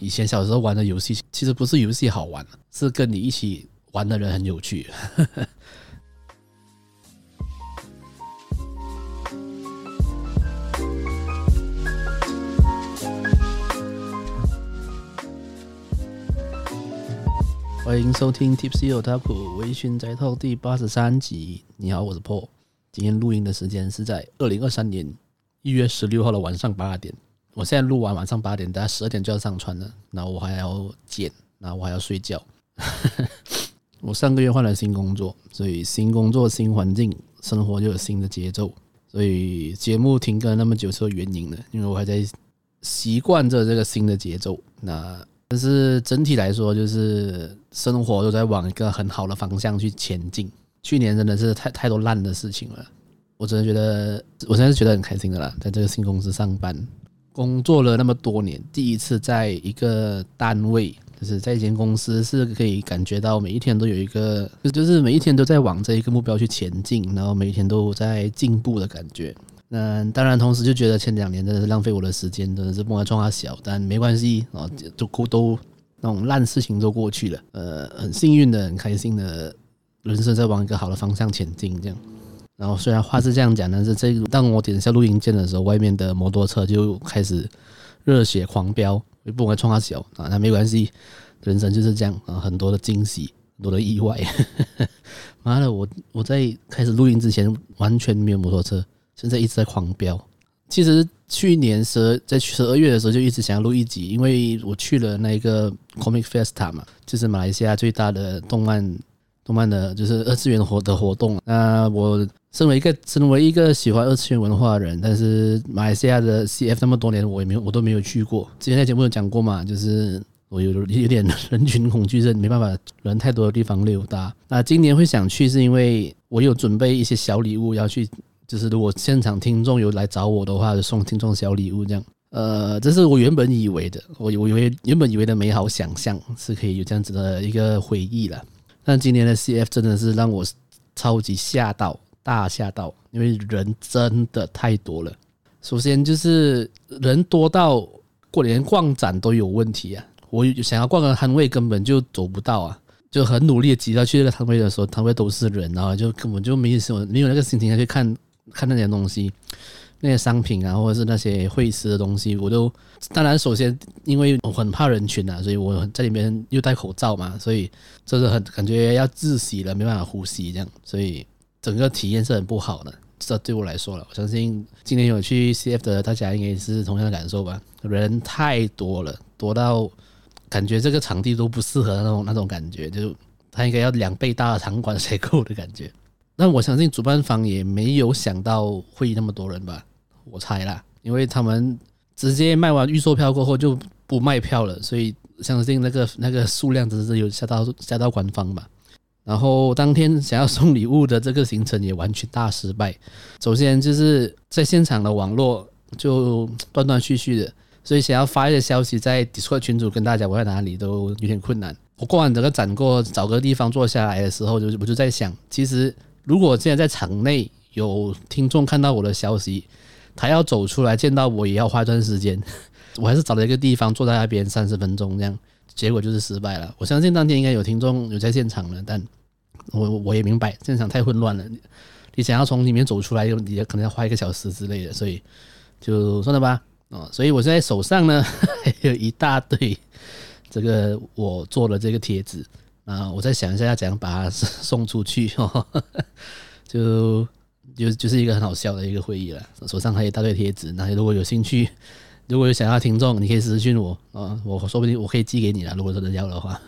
以前小時候玩的遊戲，其實不是遊戲好玩，是跟你一起玩的人很有趣。 歡迎收聽 Tipsy Otaku 微醺宅 Talk 第八十三集。你好，我是 Paul，今天錄音的時間是在二零二三年一月十六號的晚上八點。我現在錄完，晚上八點，等下十二點就要上傳了。然後我還要剪，然後我還要睡覺。 我上個月換了新工作，所以新工作、新環境，生活就有新的節奏。所以節目停更那麼久是有原因的，因為我還在習慣着這個新的節奏。那但是整體來說，就是生活都在往一個很好的方向去前進。去年真的是太太多爛的事情了，我真的覺得，我現在是覺得很開心的啦，在這個新公司上班。工作了那麼多年，第一次在一個單位，就是在一間公司，是可以感覺到每一天都有一個，就是、就是每一天都在往這一個目標去前進，然後每一天都在進步的感覺。那當然，同時就覺得前兩年真的是浪費我的時間，真的是摸的狀況小，但沒關係啊，都都那種爛事情都過去了。呃，很幸運的，很開心的人生在往一個好的方向前進，這樣。然後雖然話是這樣講，但是這當我點一下錄音鍵的時候，外面的摩托車就開始熱血狂飆，也不管衝大小啊，那沒關係，人生就是這樣啊，很多的驚喜，很多的意外。 媽的，我我在開始錄音之前完全沒有摩托車，現在一直在狂飆。其實去年十二在十二月的時候就一直想要錄一集，因為我去了那個 Comic Fiesta 嘛，就是馬來西亞最大的動漫動漫的，就是二次元活的活動。那我。身為一個身為一個喜歡二次元文化的人，但是馬來西亞的 CF 那麼多年，我也沒有我都沒有去過。之前在節目有講過嘛，就是我有有點人群恐懼症，沒辦法人太多的地方溜達。那今年會想去，是因為我有準備一些小禮物要去，就是如果現場聽眾有來找我的話，就送聽眾小禮物這樣。呃，這是我原本以為的，我我以為原本以為的美好想象是可以有這樣子的一個回憶啦。但今年的 CF 真的是讓我超級嚇到。大嚇到，因為人真的太多了。首先就是人多到過年逛展都有問題啊！我想要逛個攤位，根本就走不到啊！就很努力的擠到去那個攤位的時候，攤位都是人啊，然後就根本就沒什麼，沒有那個心情去看看那些東西，那些商品啊，或者是那些會吃的東西，我都……當然，首先因為我很怕人群啊，所以我在裡面又戴口罩嘛，所以就是很感覺要窒息了，沒辦法呼吸，這樣，所以。整個體驗是很不好的，這對我來說了。我相信今天有去 CF 的大家應該也是同樣的感受吧，人太多了，多到感覺這個場地都不適合那種那種感覺，就他應該要兩倍大的場館才夠的感覺。那我相信主辦方也沒有想到會那麼多人吧，我猜啦，因為他們直接賣完預售票過後就不賣票了，所以相信那個那個數量只是有下到下到官方吧。然後當天想要送禮物的這個行程也完全大失敗。首先就是在現場的網絡就斷斷續續的，所以想要發一些消息在 Discord 群組跟大家我在哪裡都有點困難。我過完整個展過，找個地方坐下來的時候，就是我就在想，其實如果現在在場內有聽眾看到我的消息，他要走出來見到我也要花一段時間。我還是找了一個地方坐在那邊三十分鐘這樣，結果就是失敗了。我相信當天應該有聽眾有在現場的，但。我我也明白，現場太混亂了，你想要從裡面走出來，也可能要花一個小時之類的，所以就算了吧。啊，所以我現在手上呢還有一大堆這個我做的這個貼紙啊，我再想一下要怎樣把它送出去哦。就就就是一個很好笑的一個會議了，手上還有一大堆貼紙。那如果有興趣，如果有想要聽眾，你可以私訊我啊，我說不定我可以寄給你了。如果說要的話。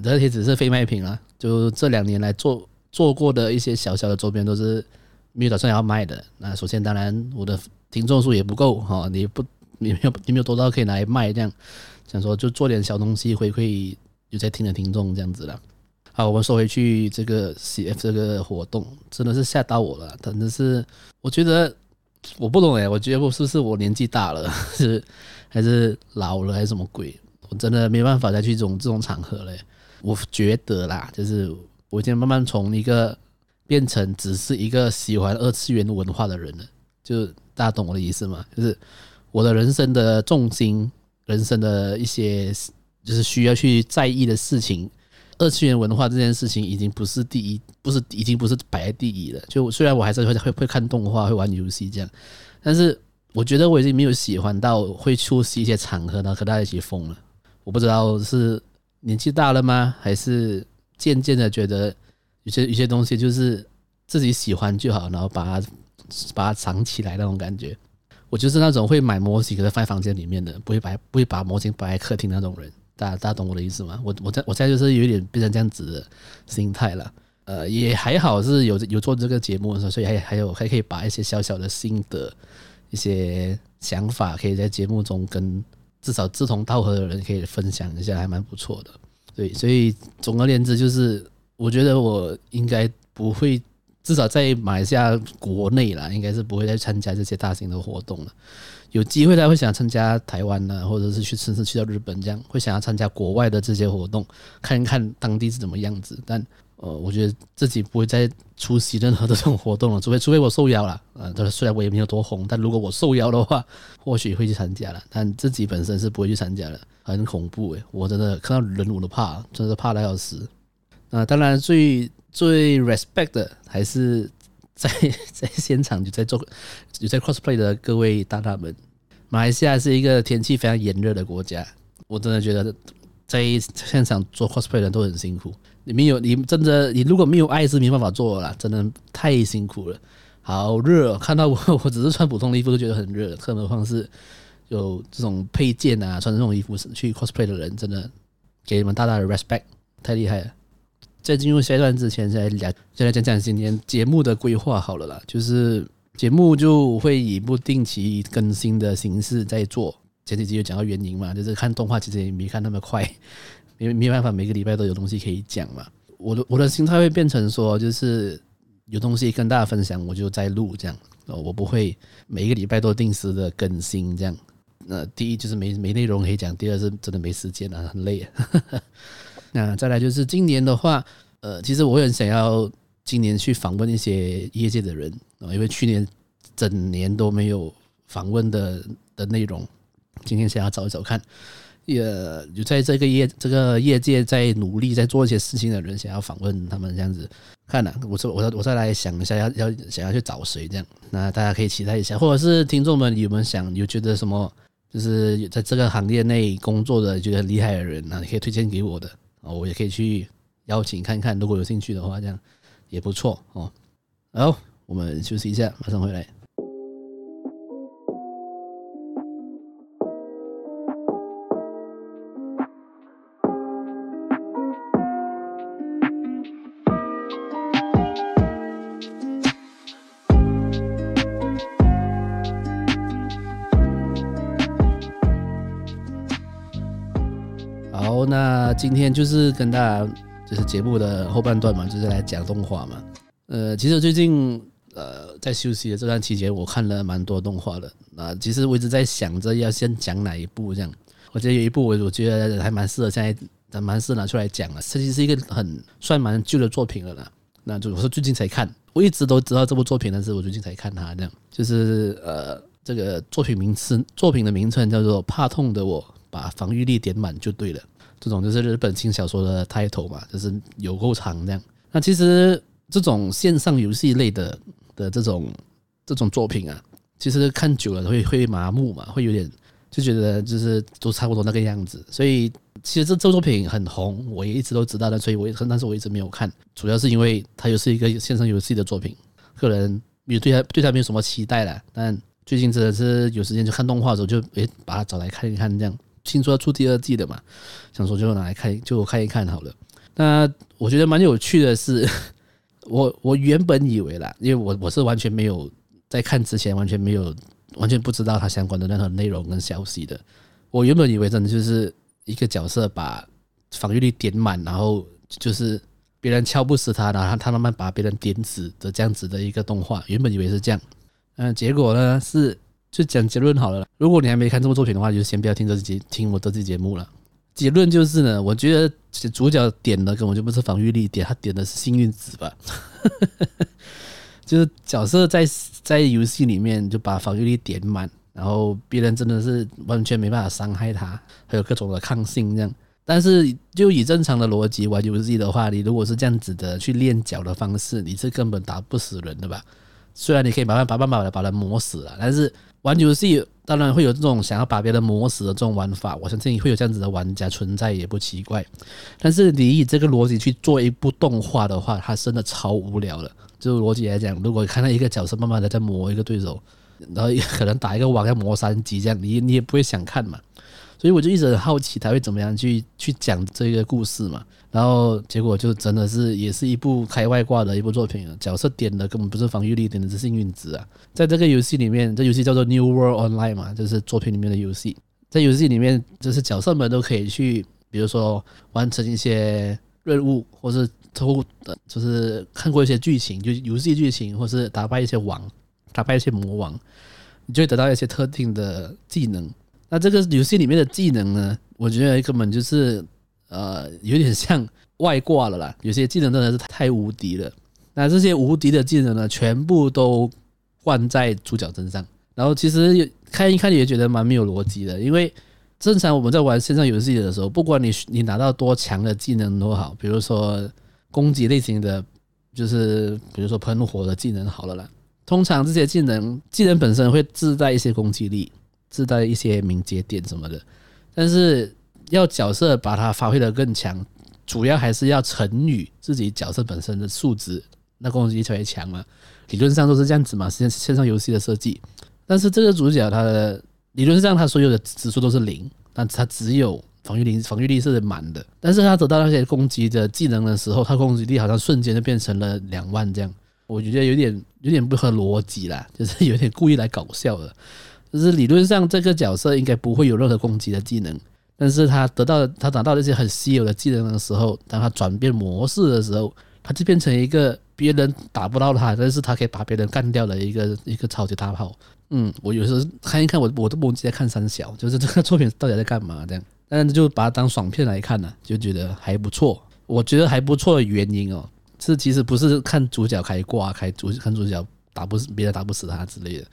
這些只是非賣品了、啊，就這兩年來做做過的一些小小的周邊，都是沒有打算要賣的。那首先，當然我的聽眾數也不夠哈、哦,你不你沒有你沒有多少可以來賣這樣，想說就做點小東西回饋有在聽的聽眾這樣子了。好，我們說回去這個 CF 這個活動真的是嚇到我了，真的是我覺得我不懂哎，我覺得是不是我年紀大了， 是還是老了還是什麼鬼？我真的沒辦法再去這種這種場合嘞。我覺得啦，就是我已經慢慢從一個變成只是一個喜歡二次元文化的人了，就大家懂我的意思嗎？就是我的人生的重心，人生的一些就是需要去在意的事情，二次元文化這件事情已經不是第一，不是已經不是擺在第一了。就雖然我還是會會會看動畫，會玩遊戲這樣，但是我覺得我已經沒有喜歡到會出席一些場合然後和大家一起瘋了。我不知道是。年紀大了嗎？還是漸漸的覺得有些有些東西就是自己喜歡就好，然後把它把它藏起來那種感覺。我就是那種會買模型給它放在房間裡面的，不會把不會把模型擺在客廳那種人。大家大家懂我的意思嗎？我我在我現在就是有一點變成這樣子的心態了。呃，也還好是有有做這個節目的時候，所以還還有還可以把一些小小的心得、一些想法，可以在節目中跟。至少志同道合的人可以分享一下，還蠻不錯的。對，所以總而言之，就是我覺得我應該不會，至少在馬來西亞國內啦，應該是不會再參加這些大型的活動了。有機會大家，會想參加台灣呢、啊，或者是去甚至去到日本這樣，會想要參加國外的這些活動，看一看當地是怎麼樣子。但呃，我覺得自己不會再出席任何的這種活動了，除非除非我受邀了。啊、呃，雖然我也沒有多紅，但如果我受邀的話，或許會去參加了。但自己本身是不會去參加的，很恐怖誒、欸。我真的看到人我都怕，真的怕得要死。那、呃、當然最最 respect 的還是。在在現場就在做，有在 cosplay 的各位大大們，馬來西亞是一個天氣非常炎熱的國家，我真的覺得在現場做 cosplay 的人都很辛苦。你沒有，你真的，你如果沒有愛是沒辦法做了，真的太辛苦了，好熱哦，看到我我只是穿普通的衣服都覺得很熱，更何況是有這種配件啊，穿這種衣服去 cosplay 的人，真的給你們大大的 respect，太厲害了。在進入下一段之前，先來聊，先來講講今天節目的規劃好了啦。就是節目就會以不定期更新的形式在做。前幾集有講到原因嘛，就是看動畫其實也沒看那麼快，因為沒辦法，每個禮拜都有東西可以講嘛。我的我的心態會變成說，就是有東西跟大家分享，我就在錄這樣。哦，我不會每一個禮拜都定時的更新這樣。那第一就是沒沒內容可以講，第二是真的沒時間了、啊，很累、啊。 那再來就是今年的話，呃，其實我很想要今年去訪問一些業界的人啊，因為去年整年都沒有訪問的的內容，今天想要找一找看，也就在這個業這個業界在努力在做一些事情的人，想要訪問他們這樣子看呢、啊。我說我我再來想一下，要要想要去找誰這樣。那大家可以期待一下，或者是聽眾們有沒有想有覺得什麼，就是在這個行業內工作的覺得很厲害的人、啊，那你可以推薦給我的。哦，我也可以去邀請看看，如果有興趣的話，這樣也不錯哦。然後，我們休息一下，馬上回來。今天就是跟大家就是節目的後半段嘛，就是來講動畫嘛。呃，其實最近呃在休息的這段期間，我看了蠻多動畫的，呃。那其實我一直在想着要先講哪一部這樣。我覺得有一部我我覺得還蠻適合現在，還蠻適合拿出來講的，啊。這其實是一個很算蠻舊的作品了啦。那就我是最近才看，我一直都知道這部作品，但是我最近才看它。這樣就是呃這個作品名稱，作品的名稱叫做《怕痛的我》，把防禦力點滿就對了。這種就是日本輕小說的 title 嘛，就是有夠長這樣。那其實這種線上遊戲類的的這種這種作品啊，其實看久了會會麻木嘛，會有點就覺得就是都差不多那個樣子。所以其實這這作品很紅，我也一直都知道的，所以我但是我一直沒有看，主要是因為它又是一個線上遊戲的作品，個人也對它對它沒有什麼期待啦。但最近真的是有時間就看動畫的時候就，就、哎、誒把它找來看一看這樣。聽說要出第二季的嘛，想說就拿來看，就看一看好了。那我覺得蠻有趣的是，我我原本以為啦，因為我我是完全沒有在看之前完全沒有完全不知道它相關的任何內容跟消息的。我原本以為真的就是一個角色把防禦力點滿，然後就是別人敲不死他，然後他慢慢把別人點死的這樣子的一個動畫。原本以為是這樣，嗯，結果呢是。就講結論好了。如果你還沒看這部作品的話，就先不要聽這期聽我這期節目了。結論就是呢，我覺得主角點的根本就不是防禦力點，他點的是幸運值吧。 就是角色在在遊戲裡面就把防禦力點滿，然後別人真的是完全沒辦法傷害他，還有各種的抗性這樣。但是就以正常的邏輯玩遊戲的話，你如果是這樣子的去練角的方式，你是根本打不死人的吧？雖然你可以把它把慢、慢的把它磨死了，但是。玩遊戲當然會有這種想要把別人磨死的這種玩法，我相信會有這樣子的玩家存在也不奇怪。但是你以這個邏輯去做一部動畫的話，它真的超無聊的。就邏輯來講，如果看到一個角色慢慢的在磨一個對手，然後可能打一個王要磨三級這樣，你你也不會想看嘛。所以我就一直很好奇他會怎麼樣去去講這個故事嘛，然後結果就真的是也是一部開外掛的一部作品啊，角色點的根本不是防禦力，點的是幸運值啊。在這個遊戲裡面，這遊戲叫做 New World Online 嘛，就是作品裡面的遊戲，在遊戲裡面，就是角色們都可以去，比如說完成一些任務，或是偷，就是看過一些劇情，就遊戲劇情，或是打敗一些王，打敗一些魔王，你就會得到一些特定的技能。那這個遊戲裡面的技能呢，我覺得根本就是呃，有點像外掛了啦。有些技能真的是太無敵了。那這些無敵的技能呢，全部都換在主角身上。然後其實看一看也覺得蠻沒有邏輯的，因為正常我們在玩線上遊戲的時候，不管你你拿到多強的技能都好，比如說攻擊類型的，就是比如說噴火的技能好了啦。通常這些技能技能本身會自帶一些攻擊力。自帶一些敏捷點什麼的，但是要角色把它發揮得更強，主要還是要乘以自己角色本身的數值，那攻擊力才會強嘛。理論上都是這樣子嘛，線線上遊戲的設計。但是這個主角他的理論上他所有的指數都是零，那他只有防御零，防御力是滿的。但是他得到那些攻擊的技能的時候，他攻擊力好像瞬間就變成了兩萬這樣，我覺得有點有點不合邏輯啦，就是有點故意來搞笑的。就是理論上這個角色應該不會有任何攻擊的技能，但是他得到他拿到那些很稀有的技能的時候，當他轉變模式的時候，他就變成一個別人打不到他，但是他可以把別人幹掉的一個一個超級大炮。嗯，我有時候看一看我我都忘記在看三小，就是這個作品到底在幹嘛這樣，但是就把它當爽片來看呢、啊，就覺得還不錯。我覺得還不錯的原因哦，是其實不是看主角開掛，開主看主角打不死別人打不死他之類的。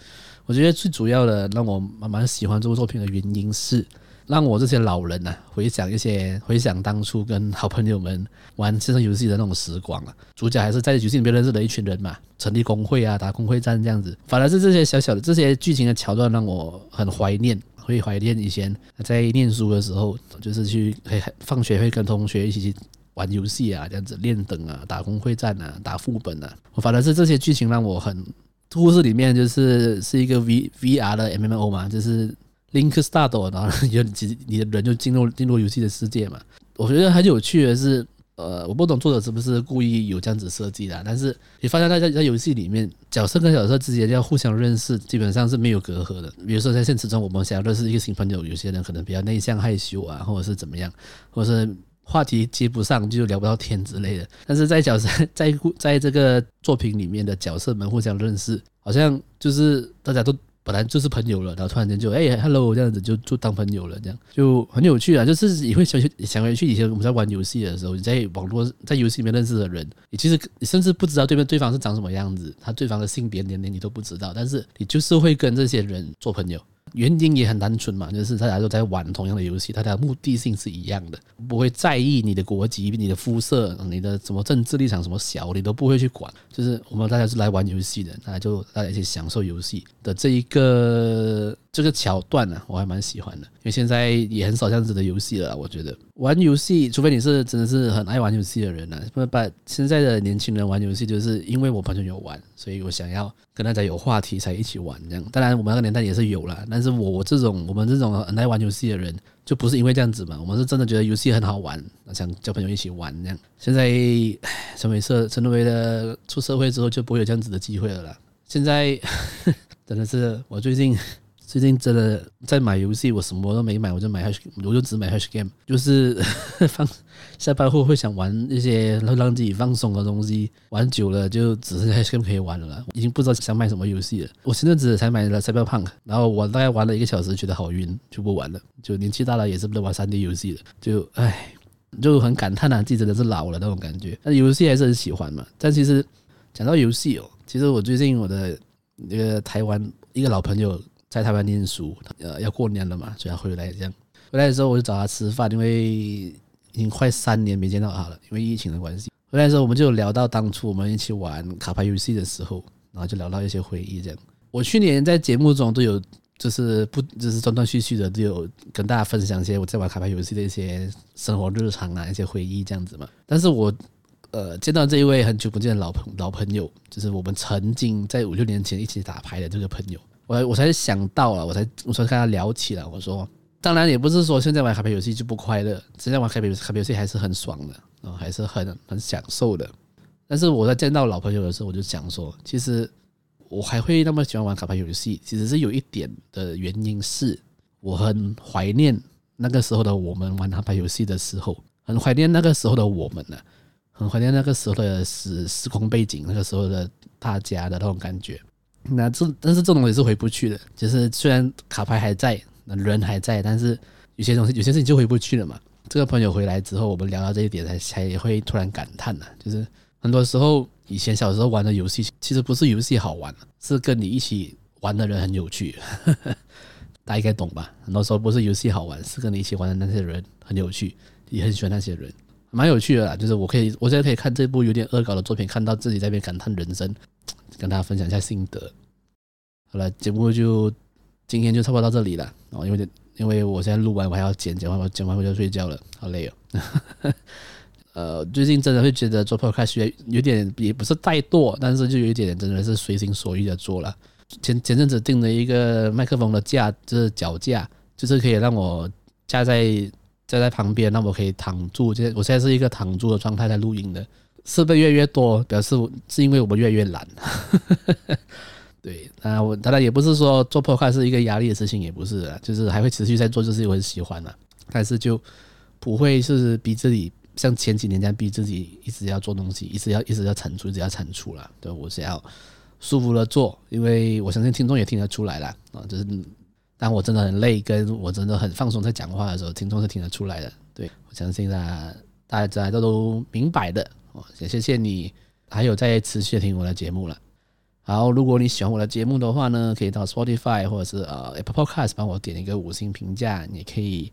我覺得最主要的讓我蠻蠻喜歡這部作品的原因是，讓我這些老人吶、啊、回想一些回想當初跟好朋友們玩線上遊戲的那種時光啊。主角還是在遊戲裡面認識的一群人嘛，成立工會啊，打工會戰這樣子。反而是這些小小的這些劇情的橋段讓我很懷念，會懷念以前在念書的時候，就是去放學會跟同學一起去玩遊戲啊，這樣子練等啊，打工會戰啊，打副本啊。反而是這些劇情讓我很。故事裡面就是是一個 V V R 的 MMO 嘛，就是 Link Start，然後有你你的人就進入進入遊戲的世界嘛。我覺得還很有趣的是，呃，我不懂作者是不是故意有這樣子設計的，但是你發現大家在遊戲裡面，角色跟角色之間要互相認識，基本上是沒有隔閡的。比如說在現實中，我們想要認識一個新朋友，有些人可能比較內向害羞啊，或者是怎麼樣，或者是。話題接不上，就聊不到天之類的，但是在角色在在這個作品裡面的角色們互相認識，好像就是大家都本來就是朋友了，然後突然間就，哎 Hello 這樣子就就當朋友了，這樣就很有趣啊。就是你會想想，想回去以前我們在玩遊戲的時候，你在網絡在遊戲裡面認識的人，你其實你甚至不知道對面對方是長什麼樣子，他對方的性別年齡你都不知道，但是你就是會跟這些人做朋友。原因也很單純嘛，就是大家都在玩同樣的遊戲，大家目的性是一樣的，不會在意你的國籍、你的膚色、你的什麼政治立場、什麼小，你都不會去管。就是我們大家是來玩遊戲的，大家就大家一起享受遊戲的這一個這個橋段呢，啊，我還蠻喜歡的，因為現在也很少這樣子的遊戲了，我覺得。玩遊戲，除非你是真的是很愛玩遊戲的人呢、啊。把現在的年輕人玩遊戲，就是因為我朋友有玩，所以我想要跟大家有話題才一起玩這樣。當然，我們那個年代也是有了，但是我，我這種我們這種很愛玩遊戲的人，就不是因為這樣子嘛。我們是真的覺得遊戲很好玩，想交朋友一起玩這樣。現在，唉，成為社成為了出社會之後，就不會有這樣子的機會了啦。現在真的是我最近。最近真的在買遊戲，我什麼都沒買，我就買 H game，我就只買 H game，就是放 下班後會想玩一些讓自己放鬆的東西，玩久了就只剩下 H game 可以玩了，已經不知道想買什麼遊戲了。我前陣子才買了《Cyberpunk》，然後我大概玩了一個小時，覺得好暈，就不玩了。就年紀大了，也是不能玩三 D 遊戲了。就唉，就很感嘆啊，自己真的是老了那種感覺。但遊戲還是很喜歡嘛。但其實講到遊戲哦，其實我最近我的那個台灣一個老朋友。在台灣念書，呃，要過年了嘛，所以他回來這樣。回來的時候，我就找他吃飯，因為已經快三年沒見到他了，因為疫情的關係。回來的時候，我們就聊到當初我們一起玩卡牌遊戲的時候，然後就聊到一些回憶這樣。我去年在節目中都有，就是不，就是斷斷續續的都有跟大家分享一些我在玩卡牌遊戲的一些生活日常啊，一些回憶這樣子嘛。但是我，呃，見到這一位很久不見的老朋老朋友，就是我們曾經在五六年前一起打牌的這個朋友。我才我才想到了，我才我才跟他聊起來。我說，當然也不是說現在玩卡牌遊戲就不快樂，現在玩卡牌遊戲卡牌遊戲還是很爽的，還是很很享受的。但是我在見到老朋友的時候，我就想說，其實我還會那麼喜歡玩卡牌遊戲，其實是有一點的原因是，是我很懷念那個時候的我們玩卡牌遊戲的時候，很懷念那個時候的我們呢、啊，很懷念那個時候的時時空背景，那個時候的大家的那種感覺。那這但是這種也是回不去的。就是雖然卡牌還在，人還在，但是有些東西、有些事情就回不去了嘛。這個朋友回來之後，我們聊到這一點，才才會突然感嘆呢、啊。就是很多時候，以前小時候玩的遊戲，其實不是遊戲好玩，是跟你一起玩的人很有趣呵呵。大家應該懂吧？很多時候不是遊戲好玩，是跟你一起玩的那些人很有趣，也很喜歡那些人，蠻有趣的啦。就是我可以，我現在可以看這部有點惡搞的作品，看到自己在那邊感嘆人生。跟大家分享一下心得。好了，節目就今天就差不多到這裡了哦。因為因為我現在錄完，我還要剪剪完，我剪完我就睡覺了，好累哦。 呃，最近真的會覺得做 podcast 有點，也不是怠惰，但是就有一點真的是隨心所欲的做了。前前陣子訂了一個麥克風的架，就是腳架，就是可以讓我架在架在旁邊，那我可以躺住。現在我現在是一個躺住的狀態在錄音的。設備越來越多，表示是因為我們越來越懶。 對，當然我當然也不是說做 Podcast 是一個壓力的事情，也不是，就是還會持續在做，就是我很喜歡嘛。但是就不會是逼自己像前幾年這樣逼自己一直要做東西，一直要一直要產出，一直要產出了。對，我是要舒服的做，因為我相信聽眾也聽得出來了啊。就是當我真的很累，跟我真的很放鬆在講話的時候，聽眾是聽得出來的。對，我相信啊，大家都都明白的。也謝謝你，還有在持續聽我的節目了。好，如果你喜歡我的節目的話呢，可以到 Spotify 或者是呃 Apple Podcast 幫我點一個五星評價。你可以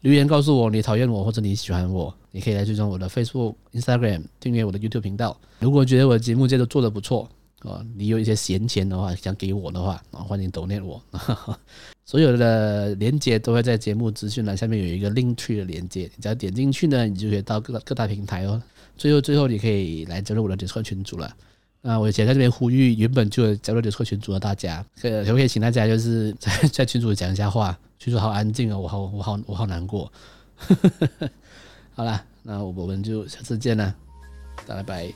留言告訴我你討厭我或者你喜歡我。你可以來追蹤我的 Facebook、Instagram，訂閱我的 YouTube 頻道。如果覺得我的節目這都做得不錯啊，你有一些閒錢的話，想給我的話，歡迎 Donate 我。 所有的連接都會在節目資訊欄下面有一個 Linktree 的連接，你只要點進去呢，你就可以到各各大平台哦。最後，最後你可以來加入我的 Discord 群組了。那我以前在這邊呼籲原本就加入 Discord 群組的大家，可不可以請大家就是在在群組講一下話。群組好安靜啊，哦，我好我好我好難過。 好啦，那我們就下次見了，拜拜。